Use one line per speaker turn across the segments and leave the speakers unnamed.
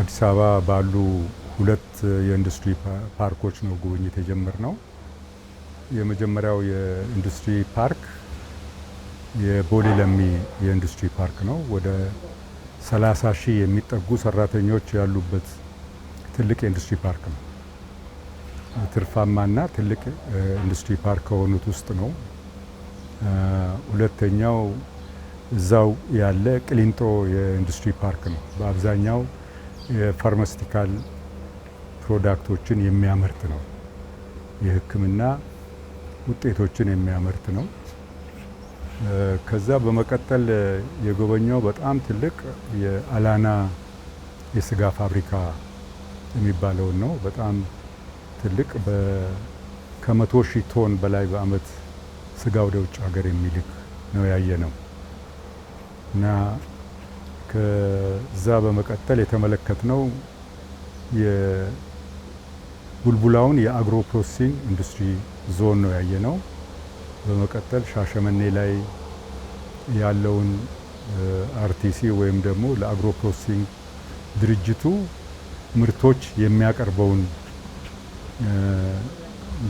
አዲስ አበባ ባሉ ሁለት የኢንዱስትሪ ፓርኮች ነው ጉብኝት የጀመርነው። የመጀመሪያው የኢንዱስትሪ ፓርክ የቦሌ ለሚ የኢንዱስትሪ ፓርክ ነው። ወደ 30 ሺህ የሚጠጉ ሰራተኞች ያሉበት ትልቅ የኢንዱስትሪ ፓርክ ነው። ትርፋማና ትልቅ ኢንዱስትሪ ፓርክ ከሆኑት ውስጥ ነው። ሁለተኛው እዛው ያለ ቅሊንጦ የኢንዱስትሪ ፓርክ ነው። በአብዛኛው የፋርማሲቲካል ፕሮዳክቶችን የሚያመርት ነው። የሕክምና ውጤቶችን የሚያመርት ነው። ከዛ በመቀጠል የጎበኛው በጣም ትልቅ የአላና የስጋ ፋብሪካ የሚባለውን ነው። በጣም ትልቅ ከመቶ ሺህ ቶን በላይ በአመት ስጋ ወደ ውጭ ሀገር የሚልክ ነው ያየ ነው እና ከዛ በመቀጠል የተመለከትነው የቡልቡላውን የአግሮ ፕሮሴሲንግ ኢንዱስትሪ ዞን ነው ያየ ነው። በመቀጠል ሻሸመኔ ላይ ያለውን አርቲሲ ወይም ደግሞ ለአግሮ ፕሮሴሲንግ ድርጅቱ ምርቶች የሚያቀርበውን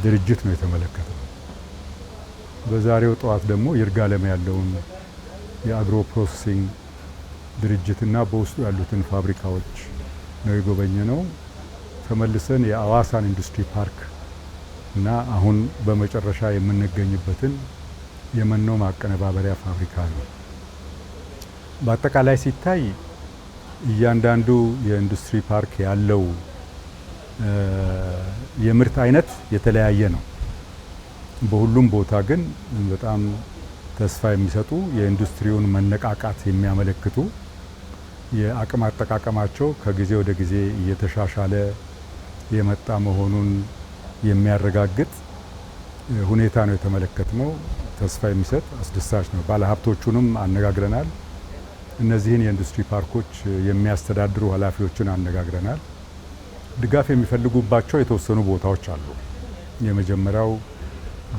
ድርጅት ነው የተመለከተው። በዛሬው ጠዋት ደግሞ ይርጋለም ያለውን የአግሮ ፕሮሴሲንግ ድርጅትና በውስጡ ያሉትን ፋብሪካዎች ነው የጎበኘ ነው። ተመልሰን የአዋሳን ኢንዱስትሪ ፓርክ እና አሁን በመጨረሻ የምንገኝበትን የመኖ ማቀነባበሪያ ፋብሪካ ነው። በአጠቃላይ ሲታይ እያንዳንዱ የኢንዱስትሪ ፓርክ ያለው የምርት አይነት የተለያየ ነው። በሁሉም ቦታ ግን በጣም ተስፋ የሚሰጡ የኢንዱስትሪውን መነቃቃት የሚያመለክቱ የአቅም አጠቃቀማቸው ከጊዜ ወደ ጊዜ እየተሻሻለ የመጣ መሆኑን የሚያረጋግጥ ሁኔታ ነው የተመለከትነው። ተስፋ የሚሰጥ አስደሳች ነው። ባለሀብቶቹንም አነጋግረናል። እነዚህን የኢንዱስትሪ ፓርኮች የሚያስተዳድሩ ኃላፊዎችን አነጋግረናል። ድጋፍ የሚፈልጉባቸው የተወሰኑ ቦታዎች አሉ። የመጀመሪያው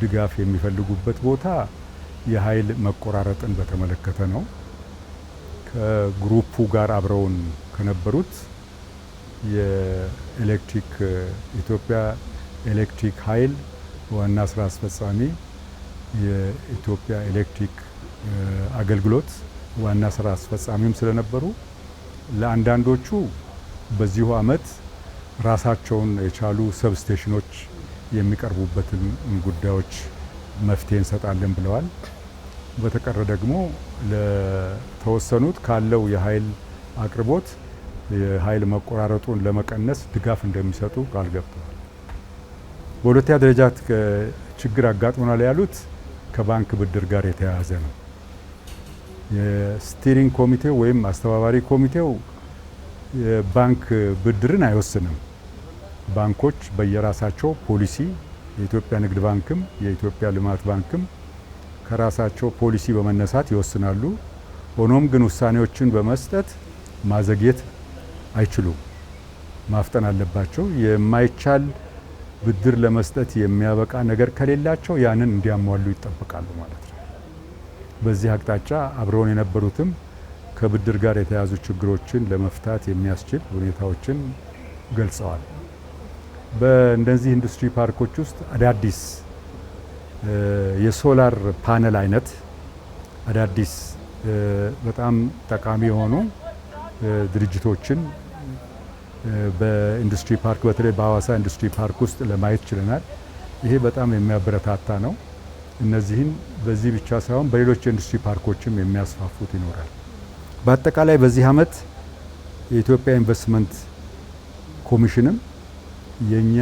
ድጋፍ የሚፈልጉበት ቦታ የኃይል መቆራረጥን በተመለከተ ነው። ከግሩፑ ጋር አብረውን ከነበሩት የኤሌክትሪክ ኢትዮጵያ ኤሌክትሪክ ኃይል ዋና ስራ አስፈጻሚ፣ የኢትዮጵያ ኤሌክትሪክ አገልግሎት ዋና ስራ አስፈጻሚም ስለነበሩ ለአንዳንዶቹ በዚሁ አመት ራሳቸውን የቻሉ ሰብስቴሽኖች የሚቀርቡበትን ጉዳዮች መፍትሄ እንሰጣለን ብለዋል። በተቀረ ደግሞ ለተወሰኑት ካለው የኃይል አቅርቦት የኃይል መቆራረጡን ለመቀነስ ድጋፍ እንደሚሰጡ ቃል ገብተዋል። በሁለተኛ ደረጃ ችግር አጋጥሞናል ያሉት ከባንክ ብድር ጋር የተያያዘ ነው። የስቲሪንግ ኮሚቴው ወይም አስተባባሪ ኮሚቴው የባንክ ብድርን አይወስንም። ባንኮች በየራሳቸው ፖሊሲ የኢትዮጵያ ንግድ ባንክም የኢትዮጵያ ልማት ባንክም ከራሳቸው ፖሊሲ በመነሳት ይወስናሉ። ሆኖም ግን ውሳኔዎችን በመስጠት ማዘግየት አይችሉም፣ ማፍጠን አለባቸው። የማይቻል ብድር ለመስጠት የሚያበቃ ነገር ከሌላቸው ያንን እንዲያሟሉ ይጠበቃሉ ማለት ነው። በዚህ አቅጣጫ አብረውን የነበሩትም ከብድር ጋር የተያዙ ችግሮችን ለመፍታት የሚያስችል ሁኔታዎችን ገልጸዋል። በእንደዚህ ኢንዱስትሪ ፓርኮች ውስጥ አዳዲስ የሶላር ፓነል አይነት አዳዲስ በጣም ጠቃሚ የሆኑ ድርጅቶችን በኢንዱስትሪ ፓርክ በተለይ በሀዋሳ ኢንዱስትሪ ፓርክ ውስጥ ለማየት ችለናል። ይሄ በጣም የሚያበረታታ ነው። እነዚህን በዚህ ብቻ ሳይሆን በሌሎች የኢንዱስትሪ ፓርኮችም የሚያስፋፉት ይኖራል። በአጠቃላይ በዚህ ዓመት የኢትዮጵያ ኢንቨስትመንት ኮሚሽንም የእኛ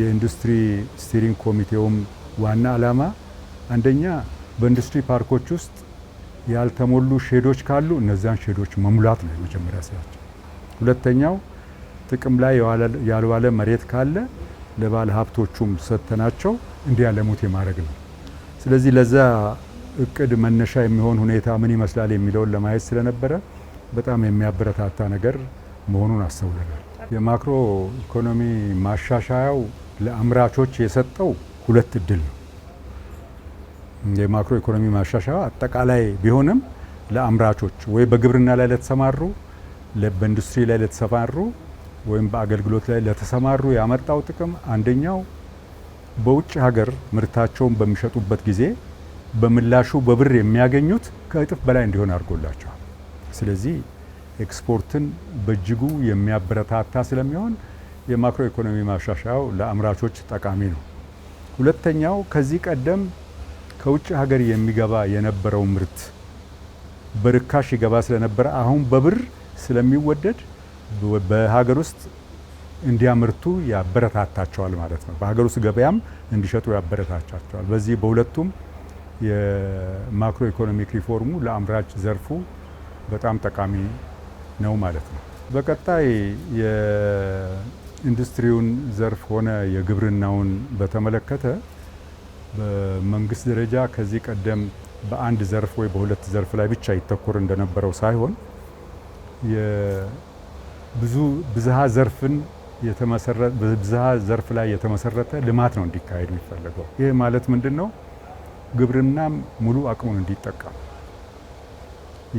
የኢንዱስትሪ ስቲሪንግ ኮሚቴውም ዋና ዓላማ አንደኛ በኢንዱስትሪ ፓርኮች ውስጥ ያልተሞሉ ሼዶች ካሉ እነዚያን ሼዶች መሙላት ነው የመጀመሪያ ስራቸው። ሁለተኛው ጥቅም ላይ ያልዋለ መሬት ካለ ለባለ ሀብቶቹም ሰጥተናቸው እንዲያለሙት የማድረግ ነው። ስለዚህ ለዛ እቅድ መነሻ የሚሆን ሁኔታ ምን ይመስላል የሚለውን ለማየት ስለነበረ በጣም የሚያበረታታ ነገር መሆኑን አስተውለናል። የማክሮ ኢኮኖሚ ማሻሻያው ለአምራቾች የሰጠው ሁለት እድል ነው። የማክሮ ኢኮኖሚ ማሻሻያ አጠቃላይ ቢሆንም ለአምራቾች ወይ በግብርና ላይ ለተሰማሩ፣ በኢንዱስትሪ ላይ ለተሰማሩ ወይም በአገልግሎት ላይ ለተሰማሩ ያመጣው ጥቅም አንደኛው በውጭ ሀገር ምርታቸውን በሚሸጡበት ጊዜ በምላሹ በብር የሚያገኙት ከእጥፍ በላይ እንዲሆን አድርጎላቸዋል። ስለዚህ ኤክስፖርትን በእጅጉ የሚያበረታታ ስለሚሆን የማክሮ ኢኮኖሚ ማሻሻያው ለአምራቾች ጠቃሚ ነው። ሁለተኛው ከዚህ ቀደም ከውጭ ሀገር የሚገባ የነበረው ምርት በርካሽ ይገባ ስለነበረ አሁን በብር ስለሚወደድ በሀገር ውስጥ እንዲያመርቱ ያበረታታቸዋል ማለት ነው። በሀገር ውስጥ ገበያም እንዲሸጡ ያበረታታቸዋል። በዚህ በሁለቱም የማክሮ ኢኮኖሚክ ሪፎርሙ ለአምራች ዘርፉ በጣም ጠቃሚ ነው ማለት ነው። በቀጣይ ኢንዱስትሪውን ዘርፍ ሆነ የግብርናውን በተመለከተ በመንግስት ደረጃ ከዚህ ቀደም በአንድ ዘርፍ ወይ በሁለት ዘርፍ ላይ ብቻ ይተኮር እንደነበረው ሳይሆን ብዙ ብዝሃ ዘርፍን ብዝሃ ዘርፍ ላይ የተመሰረተ ልማት ነው እንዲካሄድ የሚፈለገው። ይህ ማለት ምንድን ነው? ግብርናም ሙሉ አቅሙን እንዲጠቀም፣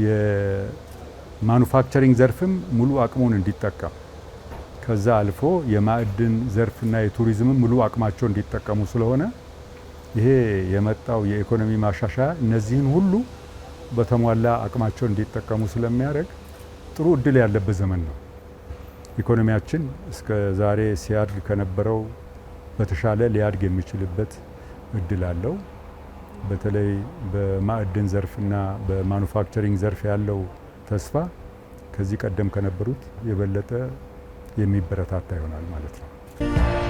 የማኑፋክቸሪንግ ዘርፍም ሙሉ አቅሙን እንዲጠቀም ከዛ አልፎ የማዕድን ዘርፍና የቱሪዝም ሙሉ አቅማቸው እንዲጠቀሙ ስለሆነ ይሄ የመጣው የኢኮኖሚ ማሻሻያ እነዚህን ሁሉ በተሟላ አቅማቸው እንዲጠቀሙ ስለሚያደርግ ጥሩ እድል ያለበት ዘመን ነው። ኢኮኖሚያችን እስከ ዛሬ ሲያድግ ከነበረው በተሻለ ሊያድግ የሚችልበት እድል አለው። በተለይ በማዕድን ዘርፍና በማኑፋክቸሪንግ ዘርፍ ያለው ተስፋ ከዚህ ቀደም ከነበሩት የበለጠ የሚበረታታ ይሆናል ማለት ነው።